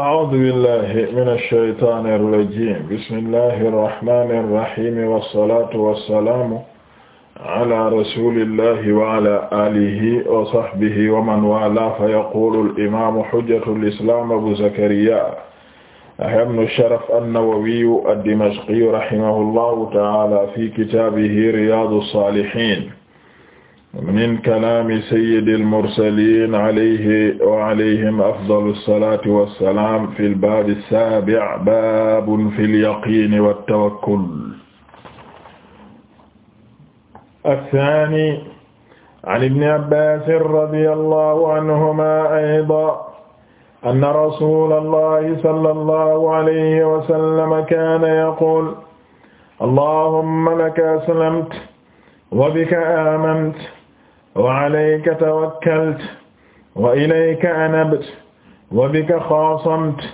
a'uuzu billaahi mina shaytaani rajiim bismillaahi rahmaani rahiim wassalaatu wassalaamu alaa rasuulillaahi wa alaa aalihi wa sahbihi wa man waalaahu fayaquulul imaamu hujjatul islaam abuu zakariyaa yahyaa ibnu sharaf an-nawawiyyu ad-dimashqiyyu rahimahullaahu ta'aalaa fii kitaabihi riyaadus saalihiin min kalaami sayyidil mursaliin alayhi wa alayhim afdalu salaati wa salaam fil baabi saabi' baabun fil yaqiini wat tawakkul. as-saani an ibni abbaas radiyallaahu anhumaa aydan anna rasuulallaahi sallallaahu alayhi wa sallam kaana yaquulu allaahumma laka aslamtu wa bika aamantu wa alayka tawakkaltu wa ilayka anabtu wa bika xaasamtu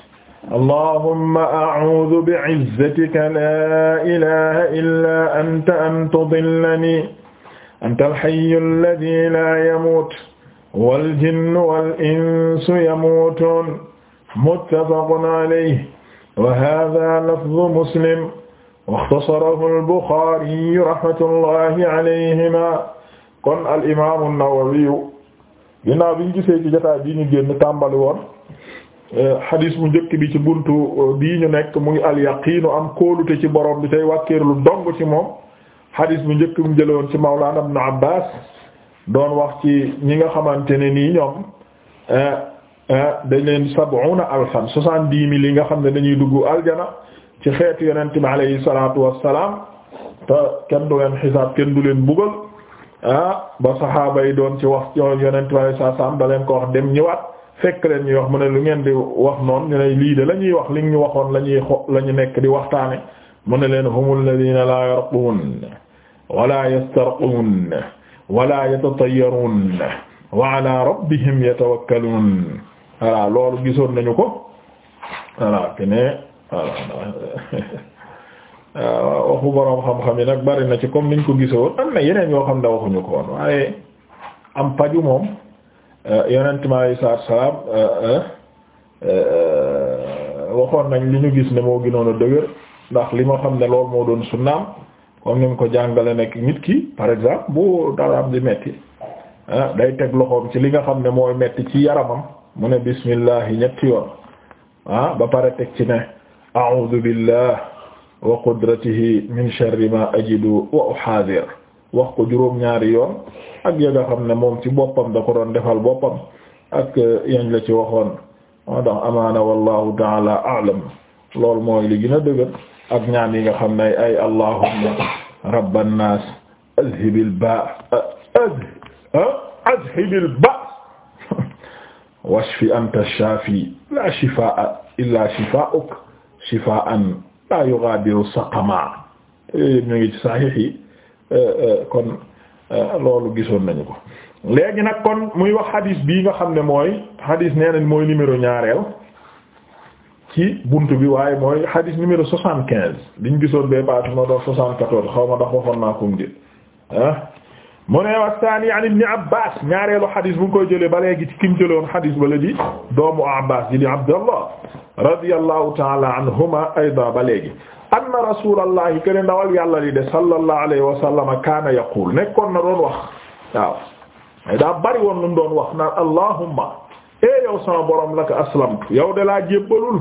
allahumma a'uudu bi'izzatika laa ilaaha illaa anta an tudillanii anta al-hayyu alladhii laa yamuutu wal jinnu wal insu yamuutuun muttafaqun alayhi wa haadhaa lafdhu muslim wa ikhtasarahu al-Buxaari rahmatullahi alayhimaa kon al imaamu Nawawi ginnaaw bi ñu gisee ci jotaay bii ñu génn tàmbali woon eh, xadiis mu njëkk bi ci bunt eh, bii ñu nekk muy al yaqiinu am kóolute ci borom bi tey lu dong ci moom xadiis mu njëkk mu woon ci Mawlaana Ibnu Abbaas doon wax ci ñi nga xamante ne nii ñoom eh, dañ leen sab'una alfan soixante-dix mille yi nga xam ne dañuy dugg aljana ci xeet yonent bi alayhi salaatu wassalaam te kenn du leen xisaab kenn du leen bugal ah ba saxaaba yi doon ci wax yonent bi saa saam da leen ko wax dem ñëwaat fekk leen ñuy wax mu ne lu ngeen di wax noonu ñu lii de ñuy wax li ñu waxoon la ñuy xo la ñu nekk di waxtaane mu ne leen humul ladina laa yarquun wala yastarquun wala yatatayyarun wa ala rabbihim yatawakkalun voilà loolu gisoon nañu ko voilà kene voilà waxu boroom xam-xam yi nag bari na ci comme ni ñu ko gisoon am na yeneen yoo xam ne waxuñu ko woon waaye am paju moom euh, yonent mi alayhi salaam euh, euh, waxoon nañ li ñu gis ne moo ginoon a dëgër ndax li ma xam ne loolu moo doon sunnaam comme ni mu ko jàngale nekk nit ki par exemple bu dara am di metti ah, day teg loxoom ci li nga xam ne mooy metti ci yaramam mu ne bismillah ñetti yoon ah ba pare teg ci ne a'udhu wa qudratihi min sharri ma ajidu wa uhaadir wax ko juróom-ñaari yoon ak ya nga xam ne moom ci boppam da ko doon defal boppam ak yañ la ci waxoon moo tax amaana wallahu taala aalam loolu mooy li gën a dëgër ak ñaan yi nga xam ne ay allahumma rabban nas azhibil ba azhibil ba washfi anta shafi la shifaa illa shifaa'uk shifaa'an laa yughadiru saqama yooyu eh, yëpp ñu ngi ci saxiix yi eh, eh, kon loolu gisoon nañu ko léegi nag kon muy wax xadiis bii nga xam ne mooy xadiis nee nañ mooy numéro ñaareel ci buntu bi waaye mooy xadiis numéro soixante quinze liñ gisoon bee baatu ma doon soixante quatorze xaw ma ndax waxoon naa ko mu mu ne wastaani an ibni abbas ñaareelu xadis bu ngi koy jëlee ba léegi ci kim jëloon xadis bala di doomu abbas ji di abdallah radiyallahu taala anhuma ayda ba léegi anna rasulallahi kene ndawal yàlla li de sallallahu alayhi wa sallam kaana yaqul nekkoon na doon wax waaw ay daa bari wax naan allahumma e yow sama borom laka aslamtu yow de laa jébbalul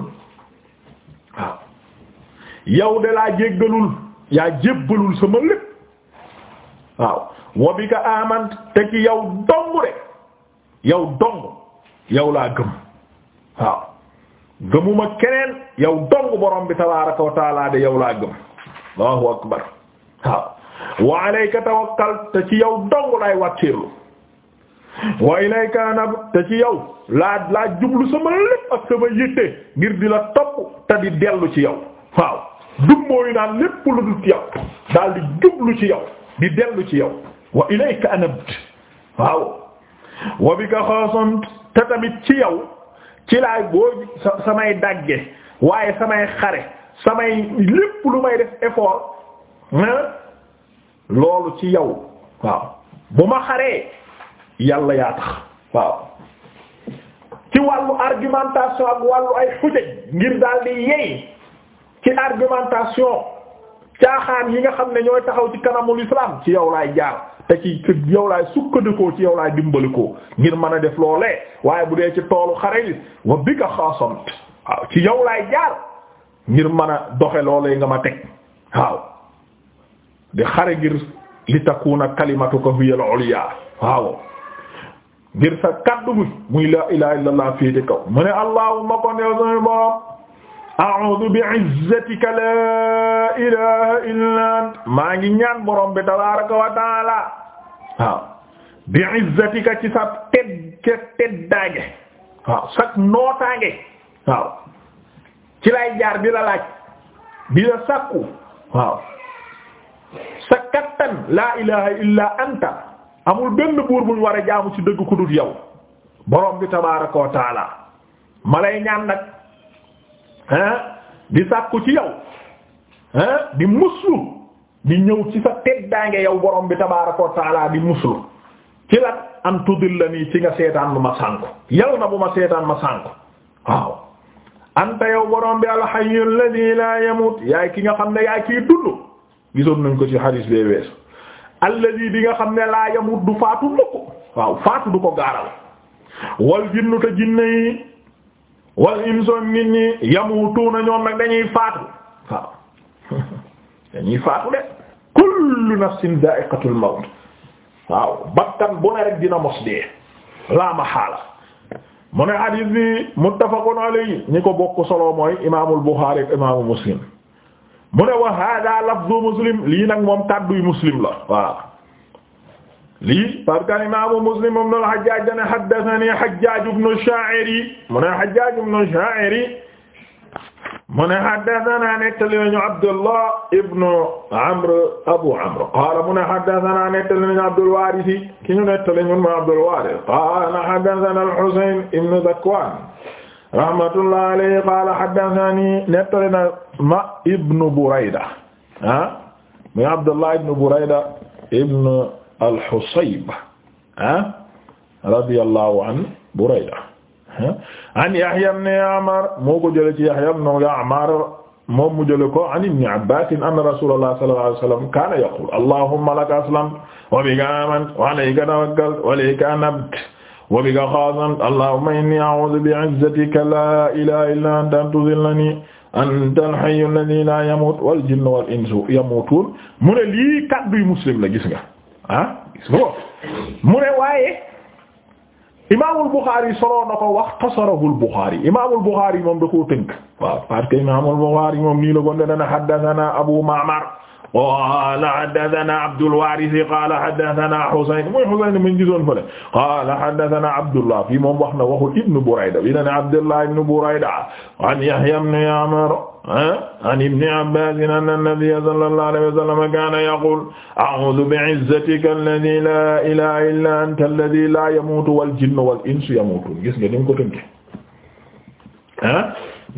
yow de laa jéggalul ya jébbalul sama lépp waaw wa bika te ci yow dong de yow dong yow laa gëm waaw gëmuma keneen yow dong borom bi tabaaraka de yow laa gëm allahu akbar waaw wa tawakkal te ci yow dong laay wàcceelu wa ilayka anab te ci yow laa laa jublu sama lépp ak sama yitte ngir di la topp te di dellu ci yow waaw dum naan lépp lu dut yow daal jublu ci yow di dellu ci yow wa ilayka anabt waaw wa bika xaasant te tamit ci yow ci laay boo samay dagge waaye samay xare samay lépp lu may def effort loolu ci yow waaw bu ma xaree yàlla yaa tax waaw ci wàllu argumentation ak wàllu ay xujaj ngir daal yey ci argumentation caaxaan yi nga xam ne ñooy taxaw ci kanamul islam ci yow laay jaar te ci yow laay sukkandikoo ci yow laay dimbalikoo ngir mën a def loolee waaye bu dee ci toolu xare yi wa bi ka xaasant waaw ci yow laay jaar ngir mën a doxe loolee nga ma teg waaw di xare ngir li takuna kalimatuka hiya al-ulya waaw ngir sa kaddu muy la ilaha illallah fii di kaw mu ne allahumma kon yow suñu borom a'udhu bi'izzatika la ilaha illa ant maa ngi ñaan borom bi tabaraka wa taala waaw bi'izzatika ci sa tedd ca teddaange waaw sa nootaange waaw ci lay jaar bi la laaj bi la sàkku waaw kattan la ilaha illa anta amul benn buur buñ war a jaamu ci dëgg ku dul yow borom bi tabaraka wa taala ma ñaan nag di sàkku ci yow di muslu di ñëw ci sa teddaange yow borom bi tabaaraka wa taala di muslu ci la am tudillani ci nga seetaan bu ma sànku yal na bu ma seetaan ma sànku waaw anta yow borom bi alxayu alladi laa yamut yaay ki nga xam ne yaay kiy dund gisoon nañ ko ci hadis bee weesu alladi bi nga xam ne laa yamut du faatu mukk waaw faatu du ko gaaral wal jinnu te jinne yi wal inson nit ñi yamutuuna ñoom nag dañuy faatu waaw dañuy faatu de kullu nafsin dha'iqatul maut waaw bakkan bu ne rek dina mos dee la mahala mu ne hadith bi muttafaqun alayhi ñi ko bokk solo mooy imaamul Bukhari ak Muslim mu ne wa hada lafzu Muslim lii nag moom kàdduy Muslim la waaw lii parce que imaamu Muslim ibn al-Hajjaj dana haddathani Hajjaj ibn Sha'iri mu ne Hajjaj ibn Sha'iri mu ne haddathana nettali nañu Abdullah ibn Amr Abu Amr qaala mu ne haddathana nettali nañu Abdul Waaris ki ñu nettali ñun ma Abdul Waaris qaala haddathana al-Husayn ibn Zakwan rahmatullahi alayhi qaala haddathani nettali na ma ibn Burayda ah muy Abdullah ibn Burayda ibn al-Husayb ah radiyallahu an Burayda ah, an Yahya ibn Ya'mar moo ko jële ci Yahya ibn Ya'mar moom mu jële ko an ibn Abbas anna Rasulullah sallallahu alayhi wasallam kana yaqul allahumma laka aslamtu wa bika amantu wa alayka tawakkaltu wa ilayka anabtu wa bika khaasamtu allahumma inni a'udhu bi'izzatika la ilaha illa anta an tudhillani anta al-hayyu alladhi la yamut wal jinnu wal insu yamutun mu ne lii kaddu muslim la gis nga ah so mu ne waaye imaamul Buxaari soloo na ko wax tasarahul Buxaari imaamul Buxaari moom da koo tënk waaw parce que imaamul Buxaari moom nii la ko ne dana haddathana Abu Ma'mar qaala haddasanaa Abdul Waaris qaala haddasanaa Husayn mooy Husayn mi ngi gisoon fële qaala haddasanaa Abdullah fii moom wax na waxul Ibn Burayda bii dañuy Abdullah Ibn Burayda an Yahya ibn Amr ah, an Ibn Abbaas anna Nabiyya sallallahu alayhi wa sallam kaana yaquul a'uuzu bi'izzatika alladhii laa ilaaha illaa anta alladhii laa yamuutu wal jinnu wal insu yamuutuun gis nga ni mu ko tënkee ah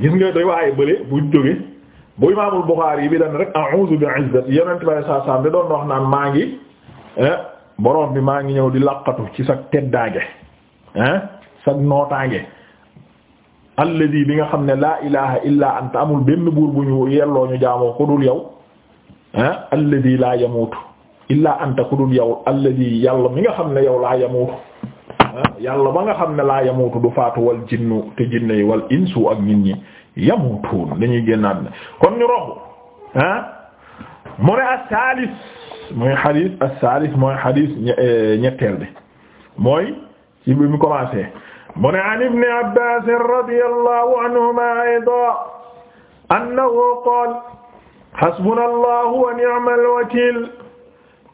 gis nga day waaye bële bu jógee. bu imaamul Buxaari yi bi dan rek a'uuzu bi izzati yonent bi sallallahu alayhi wax naan maa ngi eh, borom bi maa ngi ñëw di laqatu ci sa teddaange ah eh, sa nootaange alladi bi nga xam ne laa ilaha illa anta amul benn buur bu ñu yelloo ñu jaamoo ku dul yow ah eh, alladi laa yamuutu illa anta ku dul yow alladi yàlla mi nga xam ne yow laa yamuutu yàlla ba nga xam ne laa yamuutu du faatu wal jinnu te jinne yi wal insu ak nit ñi yamutuun dañuy génn àddina kon ñu romb ah mu ne as-saalis mooy xadis as-saalis mooy xadis eh, ñetteel bi mooy ci bi mu commencé mu ne an ibni abbas radiyallahu anhuma aydan annahu qaala xasbunallahu wa ni'mal wakiil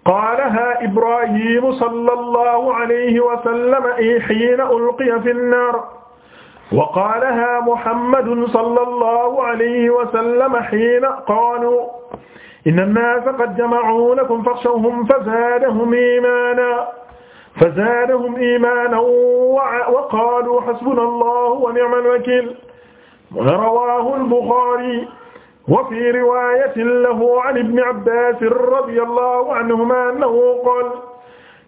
qaalaha ibraahiimu sallallahu alayhi wa sallam hiina ulqiya fin naar wa qaalaha Muhammadun sallallahu alayhi wa sallam hiina qaaluu inna an-naasa qad jama'uu lakum faxshawhum fazaadahum iimaanan fazaadahum iimaanan wa qaaluu hasbunallaahu wa ni'mal wakiil rawaahu al-Buxaari wa fii riwaayatin lahu an ibni Abbaas radiyallaahu anhumaa annahu qaala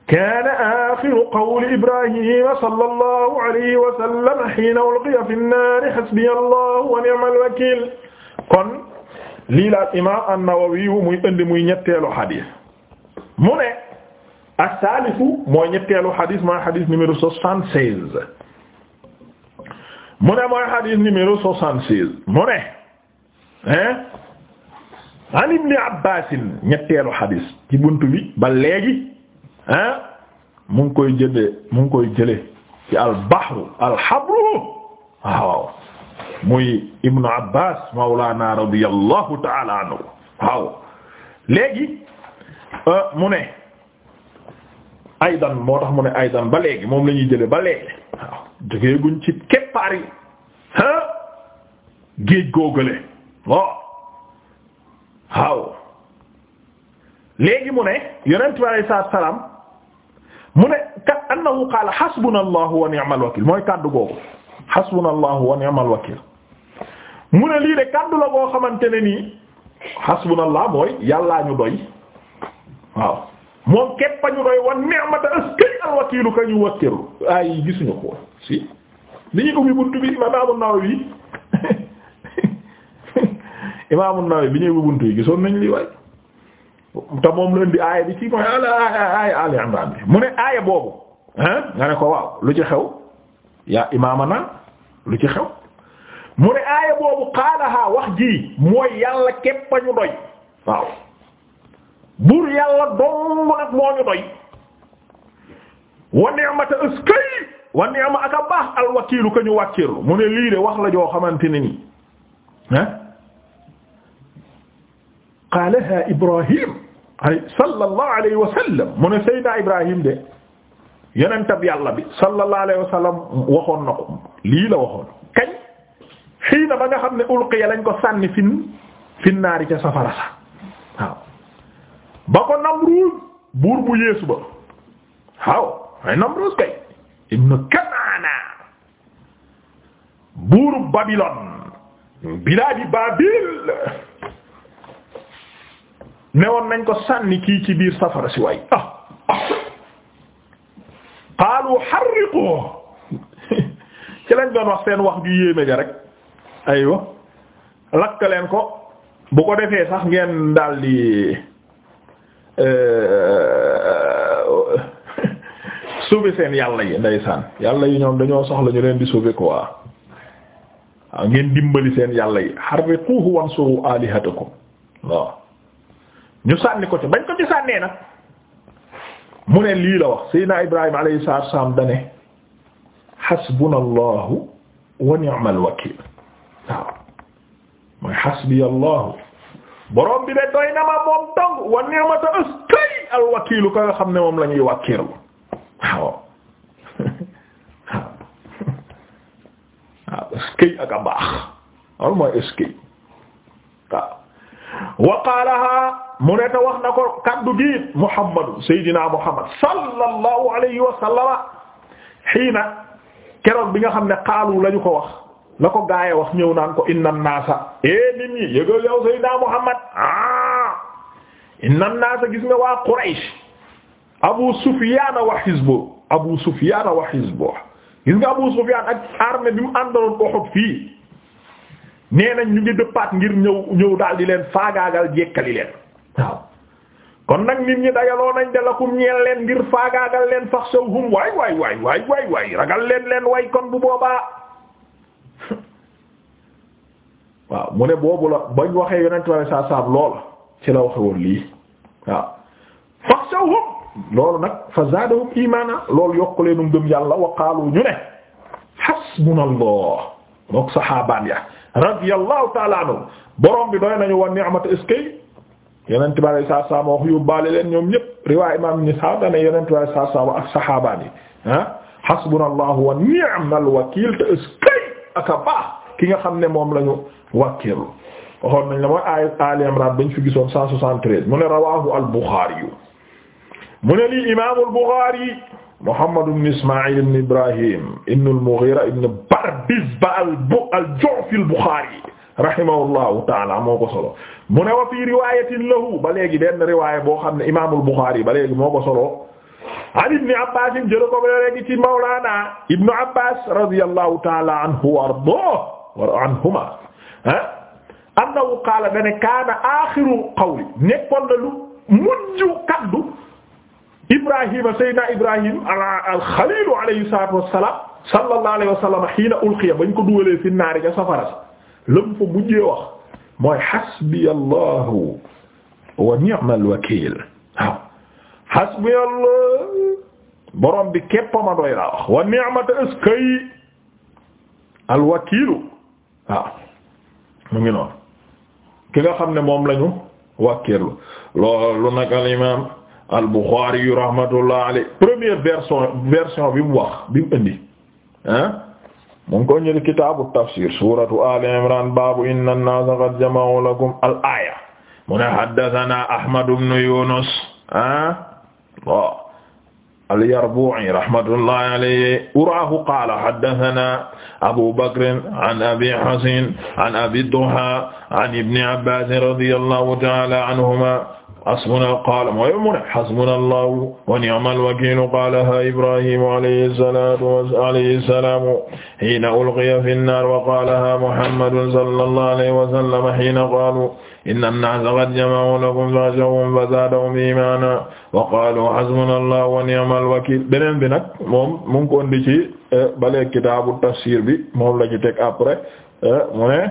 kaana aaxiru qawli Ibraahiima sallallahu alayhi wa sallam hiina ulqiya fi nnaari hasbiya Allahu wa ni'mal wakiil kon lii la imaam an-Nawawi muy indi muy ñetteelu xadis mu ne as-saalisu mooy ñetteelu xadis mooy xadis numéro soixante-seize mu ne mooy xadis numéro soixante-seize mu ne hein an Ibni Abbaasin ñetteelu xadis ci buntu bi ba léegi. ah mu ngi koy jële mu ngi koy jële ci al alhabru waaw muy ibnu abbas maulana radiyallahu taala anhu waaw léegi euh, mu ne aydan moo tax mu ne aydan ba léegi moom la ñuy jëlee ba léegi waaw jógee guñ ci keppaari ah géej góogale waaw waaw léegi mu ne yonent bi salaam mu ne ka annahu qaala xasbuna allahu wa ni'mal wakiil mooy kàddu googu xasbuna allahu wa ni'mal wakiil mu ne lii de kàddu la boo xamante ne nii xasbuna allah mooy yàllaa ñu doy waaw moom képp ñu doy wa ni'mata askay al wakiilu ka ñu wakkilu ay gisuñu ko si li ñu ubbi buntu bi imaam an-Nawawi imaam an bi ñuy ubbi buntu yi gisoon nañ lii waay te moom la indi aaya bi ci mooy aaya Ali Imran bi mu ne aaya boobu ah nga ne ko waaw lu ci xew yaa imaamana lu ci xew mu ne aaya boobu qaalaha wax ji mooy yàlla képp a ñu doy waaw buur yàlla dong nag moo ñu doy wa ni'mata askay wa ni'ma aka baax alwakiilu ko ñu wàkkirlu mu ne lii de wax la joo xamante ne nii ah qaalaha Ibrahim ay sallallahu alayhi wa sallam mu ne Seydina Ibrahim de yonentab yàlla bi sallallahu alayhi wa sallam waxoon na ko lii la waxoon kañ xii na ba nga xam ne ulqiya lañ ko sànni fin fin naari ca safara sa waaw ba ko Namruud buur bu yeesu ba waaw ay Namruud kay ibnu Kanaana buuru Babylone bilaadi Baabil newoon nañ ko sànni kii ci biir safara si waay ah, ah. qaalu harriqu ci lañ doon wax seen wax gi yéeme ja rek aywa lakk leen ko bu ko defee sax ngeen daldi euh, sauver seen yàlla yi ndeysaan yàlla yi ñoom dañoo soxla ñu leen di sauver quoi waaw ngeen dimbali seen yàlla yi harriquhu wansuru alihatakum waaw ñu sànni ko ci bañ ko ci sànnee nag mu ne lii la wax Seydina Ibrahima alayhi salaatu wassalaam dane xasbunallahu wa ni'mal wakiil waaw mooy xasbiyallahu borom bi de doy na ma moom dong wa ni'mata ka nga xam ne moom la ñuy wàkkiirlu waaw waaw askay ak a baax loolu mooy waqaalaha mu ne te wax na ko kaddu gi Muhammadu Seydina Muhammad sallallahu alayhi wa sallama xiina keroog bi nga xam ne xaalu la ñu ko wax la ko gaaye wax ñëw naan ko inna naasa e eh, nit ñi yëgal yow Seydina Muhammad ah inna naasa gis nga waa Quraysh Abu Sufyaan wa xisbu Abu Sufyaan wa xisbu gis nga Abu Sufyaan ak armée bi mu àndaloon Uhud fii nee nañ ñu ngi dëppaat ngir ñëw ñëw daal di leen faagaagal jekkali leen waaw kon nag nit ñi dajaloo nañ de lakum ñeel leen ngir faagaagal leen fax saw hum waay waay waay waay waay waay ragal leen leen way kon bu boobaa waaw mu ne boobu la bañ waxee yonent ware saa saab lool ci la waxe woon lii waaw fax saw loolu nag fa zaadahum imaana loolu yokku leenum gëm yàlla wa qaalu ñu ne hasbunallah mook saxaabaan ya radiyallahu ta'ala anhu borom bi doy nañu wa ni'mat eskay yonent bi alayhi salaatu salaam wax yóbbaale leen ñoom ñëpp riwaay imaam ni sax dana yonent bi alayhi salaatu salaam ak saxaabaan yi ah hasbunallahu wa ni'mal wakiil te eskay ak a baax ki nga xam ne moom la ñu wakiilu waxoon nañ la mooy aaya Ali Imraan bañ fi gisoon 173 mu ne rawaahu al-Buxaari mu ne lii imaamul Buxaari Muhammad ibn Ismaa'il ibn Ibrahim ibn al-Mughiira ibn Bardizbah al-Ju'fi al-Buxaari rahimahullahu taala moo ko solo mu ne wa fii riwayatin lahu ba léegi benn riwaaya boo xam ne imamul Buxaari ba léegi moo ko solo an ibni abbas in jëla ko ba léegi ci mawlaana ibnu abbas radiyallahu taala anhu wa ardaah wa anhuma ah annahu qaala dane kaana axiru qawli nekkoon na lu mujj kaddu ibrahima sayyidina ibrahim al-xaliil alayhi salaatu wa salaam sallallahu alayhi wa sallam hiina ulqiya bañ ko dugalee fi naari ga safara lëm fa mujjee wax mooy xasbiya allahu wa ni'mal wakiil waaw xasbiya allah borom bi képp ma doy laa wax wa ni'mata askay al wakiilu waaw mu ngi noonu ki nga xam ne moom lañu wakiilu loolu nag al imaam al Buxaari yu rahmatullah alayhi première version version bi mu wax bi mu indi ah mu ngi ko ñëw kitaabu tafsir suuratu aali imraan baabu inna an-naasa qad jama'u lakum al-aaya mu ne haddasanaa Ahmad ibn Yunus ah waaw al-Yarbu'i rahmatullahi alayhi uraahu qaala haddasanaa Abu Bakr an Abi Hasin an Abi Duha an Ibn Abbaas radiyallahu ta'ala anhumaa hasbuna qaala mooy mu ne hasbuna allahu wa ni'mal wakiilu qaala ha ibrahimu alayhi salaatu wa alayhi salaamu hiina ulqiya fi nnaar wa qaala ha muhammadun sallallahu alayhi wa sallam hiina qaalu inna an-naasa qad jama'u lakum fakhshawhum fazaadahum iimaanan wa qaalu hasbuna allahu wa ni'mal wakiil beneen bi nag moom mu ngi ko indi ci e, bale kitaabu tafsiir bi moom la ñu teg après e, mu ne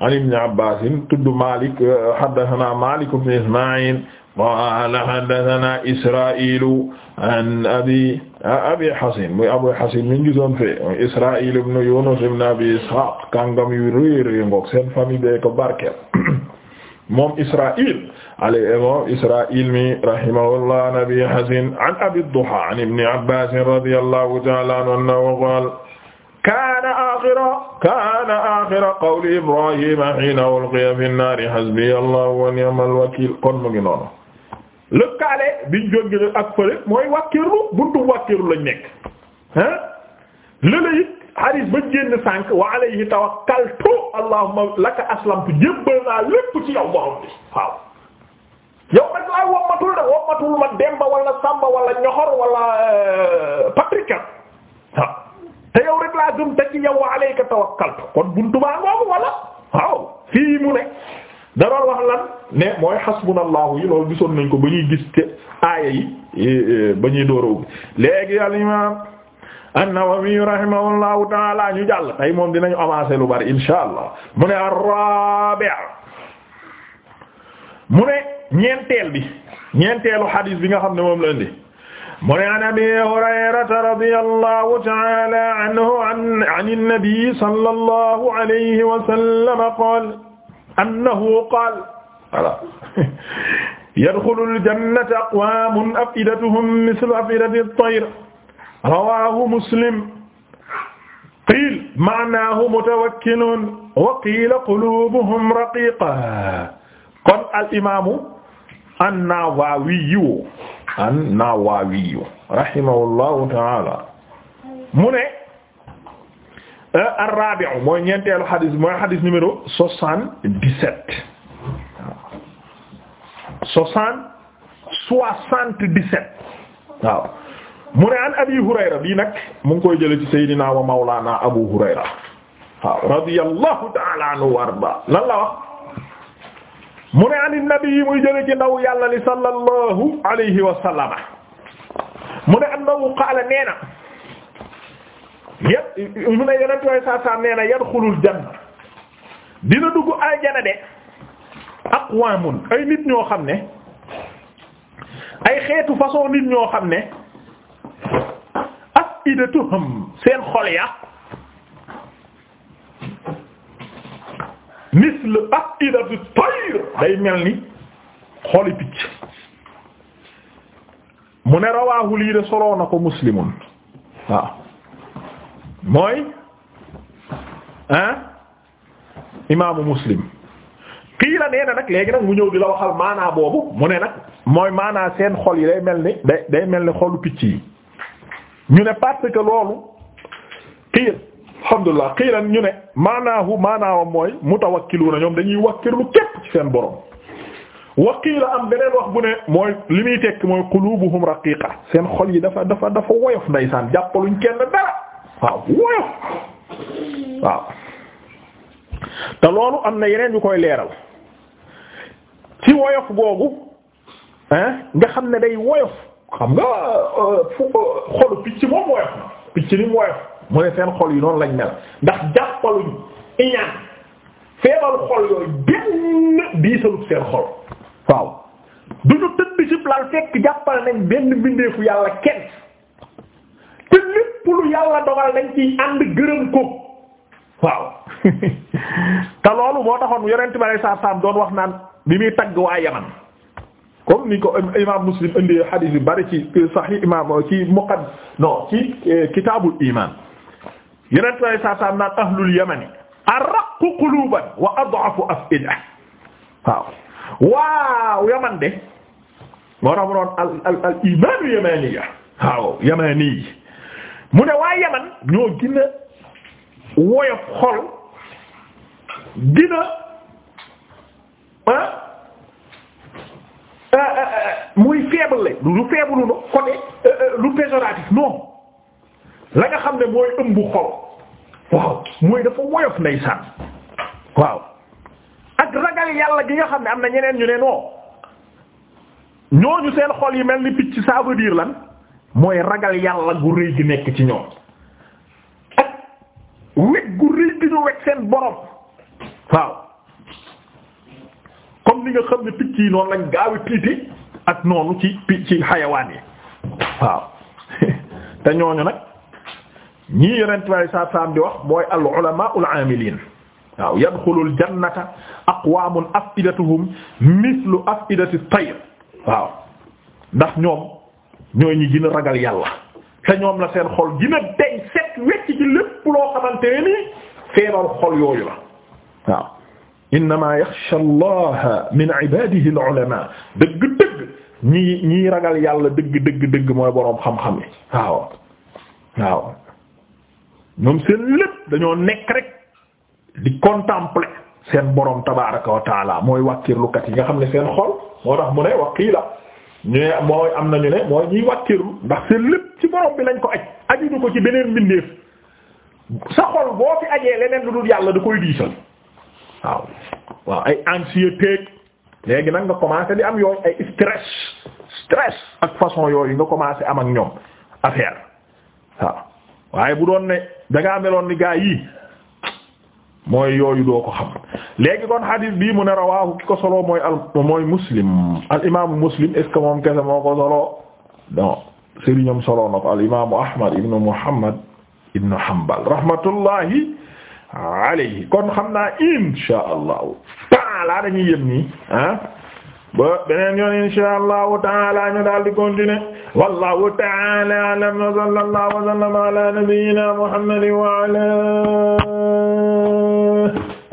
an ibn Abbaas tudd Maalik e, haddathanaa Maalik ibn Ismaa'iil qaala haddasanaa Israa'iilu an abi abi Hasin muy Abu Hasin mi ngi doon fee Israa'iil ibn Yunus ibn Abi Ishaaq kàngam yu réeré ngoog seen famille bee ko barkeel moom Israa'iil alayhi moom Israa'iil mi rahimahullah an Abi Hasin an Abi Duhaa an Ibn Abbaas radiyallahu ta'aala anhu qaala kaana aaxira kaana aaxira qawli Ibraahiima hiina ulqiya fi nnaari hasbiyallahu wa ni'mal wakiil kon mu ngi noonu lëkkaale biñ jógee ak fële mooy wàkkirlu buntu wàkkirlu lañ nekk ah lële it xaris ba génn sànq wa alayhi tawakkaltu allahumma laka aslamtu jébbal naa lépp ci yow borom bi waaw. yow nag laay wommatul de wommatul ma Demba wala Samba wala Ñoxor wala euh, Patrick te yow rek laa gëm te ci yow wa alayka tawakkaltu kon buntu baa ngoogu wala waaw fii mu ne. da doon wax lan ne mooy xasbunallahu yi loolu gisoon nañ ko ba ñuy gis te e, e, ba ñuy door a ubbi léegi al imam taala ñu jàll tey moom dinañu avancer lu bari insha allah mu ne ar-rabi' mu ne ñeenteel bi ñeenteelu xadiis bi nga xam ne moom la indi mu ne an abi hurayrata radiyallahu taala anhu an an an-nabi sallallahu alayhi wa sallam qaala annahu qaala voilà yadxulul jannata aqwaamun afidatuhum mislu afidati at-tayr rawaahu muslim qiila ma'naahu mutawakkilun wa qiila quluubuhum raqiiqa kon al imaamu an-Nawawi an-Nawawi rahimahullahu ta'aala mu ne Euh, ar-rabi'u mooy ñeenteelu xadis mooy xadis numéro soixante-dix-sept soixante soixante-dix-sept waaw mu ne an abi hurayra bii nag mu ngi koy jële ci sayyidina wa mawlana abu hurayra waaw radiyallahu ta'ala anhu wa arda lan la wax mu ne an nabi muy jële ci ndaw yàlla li sallallahu alayhi yet mu ne yonent way saa saa nee na yadxulul janna dina dugg aljana de aqwamun ay nit ñoo xam ne ay xeetu façon nit ñoo xam ne afidatuhum seen xol ya misl afidatu tayr day mel ni xoli picc mu ne rawaahu lii de soloo na ko muslimun waaw mooy ah imaamu muslim kii la nee na nag léegi nag mu ñëw di la waxal maanaa boobu mu ne nag mooy maanaa seen xol yi day mel ni day mel ni xolu picc yi ñu ne parce que loolu kii alhamdulilah kii la ñu ne maanaahu maanaawam mooy mutawakkiluuna ñoom dañuy wakkirlu képp ci seen borom waqiila am beneen wax bu ne mooy li muy tekk mooy qulubuhum raqiqa seen xol yi dafa dafa dafa woyof ndeysaan jàppaluñ kenn dara waaw woyof waaw te loolu am na yeneen yu koy leeral ci woyof googu nga xam ne day woyof xam nga euh, euh, xolu picc moom woyof na picc ni woyof mu ne seen xol yi noonu lañ mel ndax jàppaluñ iñaan feebaru xol yooyu benn diisalub seen xol waaw du ñu tëdd ci lal fekk jàppal nañ benn bindeefu yàlla kenn te lépp lu yàlla dogal dañ ciy ànd gërëm ko waaw te loolu moo taxoon yonent bi alayhi salaam doon wax naan bi muy tagg waa yaman comme ni ko imaam muslim indi hadith yu bari ci sahih imaam ci muqad non ci eh, kitaabul iman yonent bi salaam naan ahlul yamani araqu quluban wa ad'afu af'ida waaw waaw de moo tax mu doon al al al imaanu yamaniya mu ne waa yaman ñoo gën a woyof xol gën ah, ah, ah, muy faible lu faible no côté euh, euh, lu péjoratif non la nga xam ne mooy ëmb xol waaw mooy dafa woyof ndeysaan waaw ak ragal yàlla gi nga xam ne am na ñeneen ñu ne non ñooñu seen xol yi mel ni picc ça veut dire lan mooy ragal yàlla gu réy gi nekk ci ñoom ak weg gu rëy gi ñu weg seen borom waaw comme ni nga xam ne picc yi noonu lañ gaaw a tiiti ak noonu ci ci xayawaan yi waaw te ñooñu nag ñii yonent way sa saam di wax mooy al ulama al amilin waaw yadxulul jannata aqwamun afidatuhum mislu afidati tayr waaw ndax ñoom ñooy ñi gën ragal yàlla te ñoom la seen xol gën a deñ set wecc ci lépp loo xamante ne feebar xol yooyu la waaw innama yaxsha allah min ibadihi al ulama dëgg dëgg ñi ñiy ragal yàlla dëgg dëgg dëgg mooy boroom xam-xam yi waaw waaw ñoom seen lépp dañoo nekk rek di contempler seen boroom tabaraka wa taala mooy wàkkirlukat yi nga xam ne seen xol moo tax mu ne waqila ñu ne mooy am nañu ne mooy ñuy wàkkiirlu ndax seen lépp ci borom bi lañ ko aj ajuñu ko ci beneen mbindeef sa xol boo fi ajee leneen lu dul yàlla da koy diisal waaw waaw ay anxiété léegi nag nga commencé di am yooyu ay stress stress ak façon yooyu nga commencé am ak ñoom affaire waaw waaye bu doon ne dangaa meloon ni gaa yi mooy yooyu doo ko xam léegi kon hadith bii mu ne rawaahu ki ko solo mooy al mooy muslim al imaamu muslim est ce que moom kese moo ko solo non sëriñam solo na ko al imaamu ahmad ibnu muhammad ibnu hanbal rahmatullahi alayhi kon xam naa insha allahu taala dañuy yem nii ah ba beneen yoon insha allahu taala ñu daal di continuer wallahu taala alam wa sallallahu wa sallama ala nabiyyina muhammadin wa ala